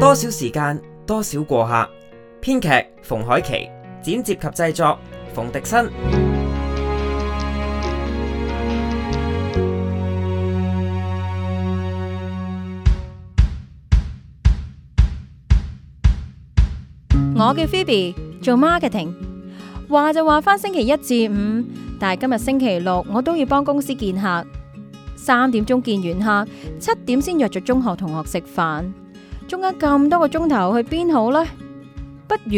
多少時間，多少過客？編劇馮海琪，剪接及製作馮迪新。我叫 Phoebe，做 marketing，話就話返星期一至五，但係今日星期六我都要幫公司見客，三點鐘見完客，七點先約咗中學同學食飯。中間咁多個鐘頭去邊好呢？不如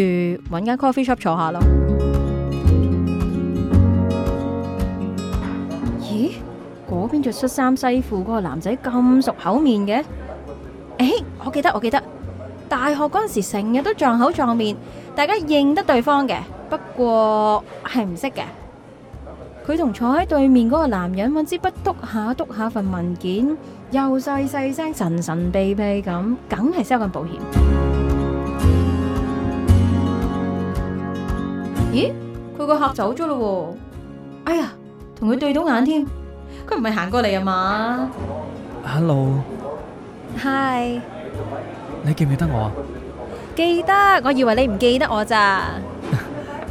搵間 coffee shop 坐下咯。咦，嗰邊着恤衫西褲嗰個男仔咁熟口面嘅？誒，我記得，我記得，大學嗰陣時成日都撞口撞面，大家認得對方嘅，不過係唔識嘅。佢同坐喺對面嗰個男人揾支筆篤下篤下份文件。又細細聲、神神秘秘咁，梗係 sell 緊保險。咦？佢個客走咗咯喎！哎呀，同佢對到眼添，佢唔係行過嚟啊嘛！Hello，Hi，你記唔記得我啊？記得，我以為你唔記得我咋？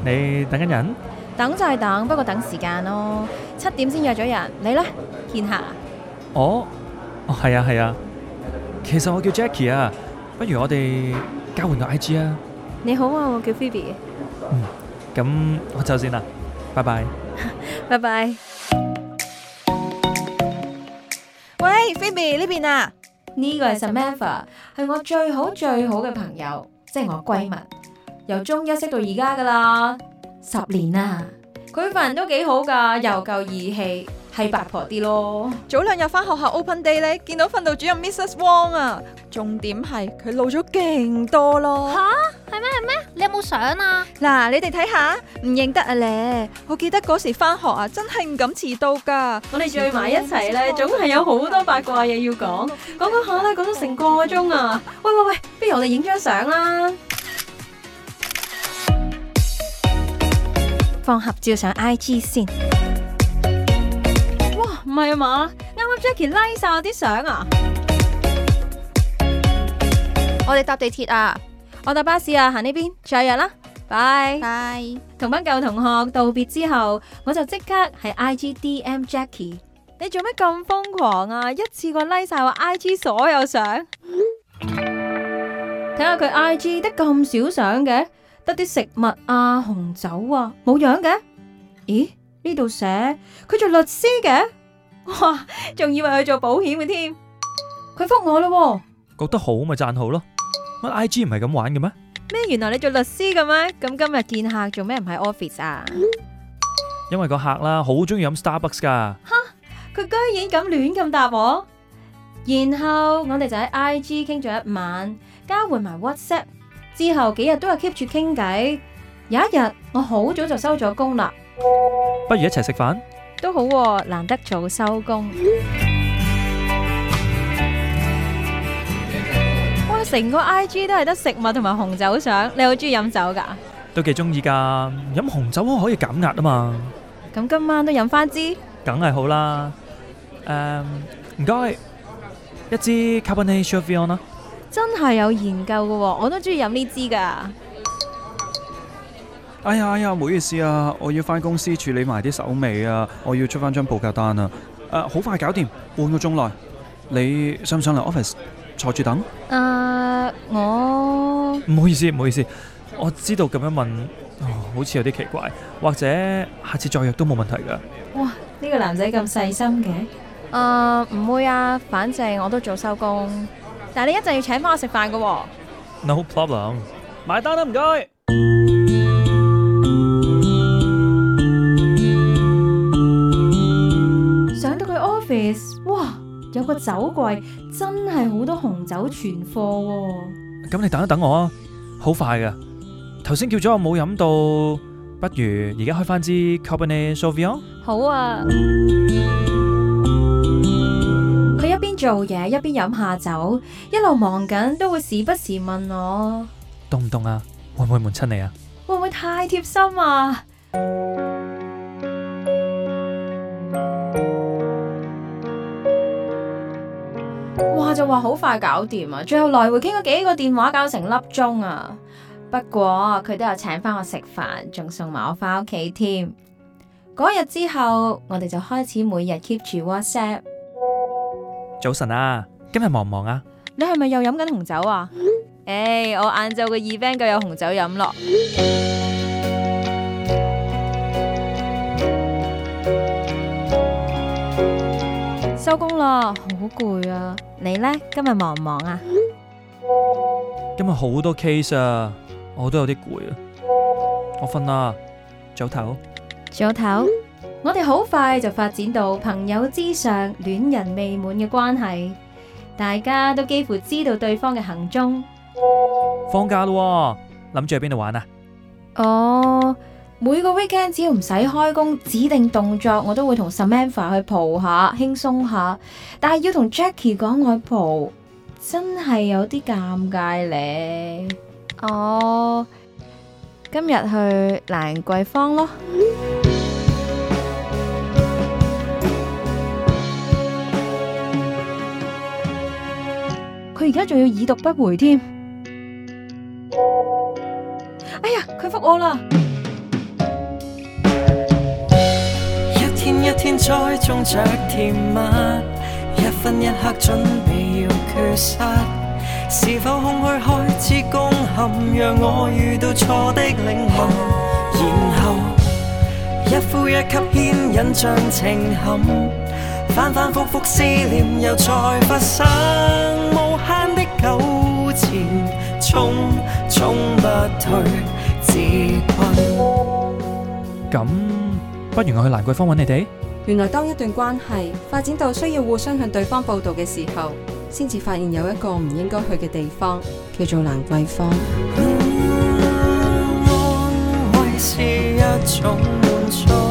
你等緊人？等就係等，不過等時間咯。七點先約咗人，你咧，見客？哦。哦，係啊，係啊。其實我叫 Jackie 啊，不如我哋交換個 IG 啊。你好啊，我叫 Phoebe。嗯，咁我走先啦，拜拜。拜拜。喂，Phoebe 呢邊啊？呢個係 Samantha，係我最好最好嘅朋友，即係我閨蜜，由中一識到而家噶啦，十年啦。佢份人都幾好噶，又夠義氣。係八婆啲咯！早兩日翻學校 open day 咧，見到訓導主任 Mrs. Wong 啊，重點係佢老咗勁多咯。吓，係咩係咩？你有冇相啊？嗱，你哋睇下，唔認得啊咧！我記得嗰時翻學啊，真係唔敢遲到噶。我哋聚埋一齊咧，總係有好多八卦嘢要講，講講下咧，講咗成個鐘啊！喂喂喂，不如我哋影張相啦，放合照上 IG 先。唔係啊嘛？啱啱 Jackie 拉晒我啲相啊！我哋搭地鐵啊，我搭巴士啊，行呢邊，再約啦，拜拜。同班舊同學道別之後，我就即刻喺 I G D M Jackie。你做咩咁瘋狂啊？一次過拉晒我 I G 所有相。睇下佢 I G 得咁少相嘅，得啲食物啊、紅酒啊，冇樣嘅。咦？呢度寫佢做律師嘅。哇，仲以為佢做保險嘅添，佢復我咯，覺得好咪讚好咯，乜 I G 唔係咁玩嘅咩？咩？原來你做律師嘅咩？咁今日見客做咩唔喺 office 啊？因為個客啦，好中意飲 Starbucks 噶。吓，佢居然咁亂咁答我。然後我哋就喺 I G 傾咗一晚，交換埋 WhatsApp，之後幾日都係 keep 住傾偈。有一日，我好早就收咗工啦，不如一齊食飯。都好，難得早收工。哇，成個 I G 都係得食物同埋紅酒相，你好中意飲酒噶？都幾中意噶，飲紅酒可以減壓啊嘛。咁今晚都飲翻支？梗係好啦，誒，唔該，一支 Cabernet Sauvignon 啦。真係有研究噶，我都中意飲呢支噶哎呀哎呀，唔好意思啊，我要翻公司處理埋啲手尾啊，我要出翻張報價單啊，誒，好快搞掂，半個鐘內。你想唔想嚟 office 坐住等？誒，我唔好意思，唔好意思，我知道咁樣問，好似有啲奇怪，或者下次再約都冇問題噶。哇，呢個男仔咁細心嘅？誒，唔會啊，反正我都早收工，但係你一陣要請翻我食飯噶。No problem，埋單都唔該。有個酒櫃真係好多紅酒存貨。哦，咁、嗯、你等一等我啊，好快嘅。頭先叫咗我冇飲到，不如而家開翻支 Cabernet Sauvignon 好啊，佢 一邊做嘢一邊飲下酒，一路忙緊都會時不時問我凍唔凍啊？會唔會悶親你啊？會唔會太貼心啊？ 哇！話就話好快搞掂啊，最後來回傾咗幾個電話，搞成粒鐘啊。不過佢都有請翻我食飯，仲送埋我翻屋企添。嗰、那個、日之後，我哋就開始每日 keep 住 WhatsApp。早晨啊，今日忙唔忙啊？你係咪又飲緊紅酒啊？誒， hey, 我晏晝個 event 就有紅酒飲咯。 收工啦，好攰啊！你呢，今日忙唔忙啊？今日好多 case 啊，我都有啲攰啊，我瞓啦，早唞。早唞。我哋好快就發展到朋友之上、戀人未滿嘅關係，大家都幾乎知道對方嘅行蹤。放假咯，諗住去邊度玩啊？哦。每個 weekend 只要唔使開工，指定動作我都會同 Samantha 去蒲下，輕鬆下。但係要同 Jackie 講我蒲，真係有啲尷尬咧。哦，oh，今日去蘭桂坊咯。佢而家仲要已讀不回添。哎呀，佢覆我啦！現在種着甜蜜，一分一刻準備要缺失。是否空虛開始攻陷，讓我遇到錯的領悟？然後一呼一吸牽引像情陷，反反復復思念又再發生。無限的糾纏，匆匆不退，自困。咁，不如我去蘭桂坊揾你哋。原來當一段關係發展到需要互相向對方報導嘅時候，先至發現有一個唔應該去嘅地方，叫做蘭桂坊。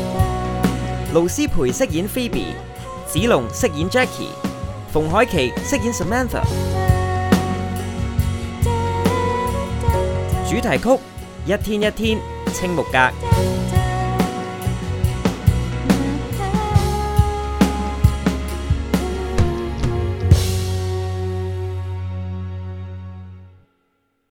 盧思培飾演 Phoebe，子龍飾演 Jackie，馮海琪飾演 Samantha。主題曲《一天一天》，青木格。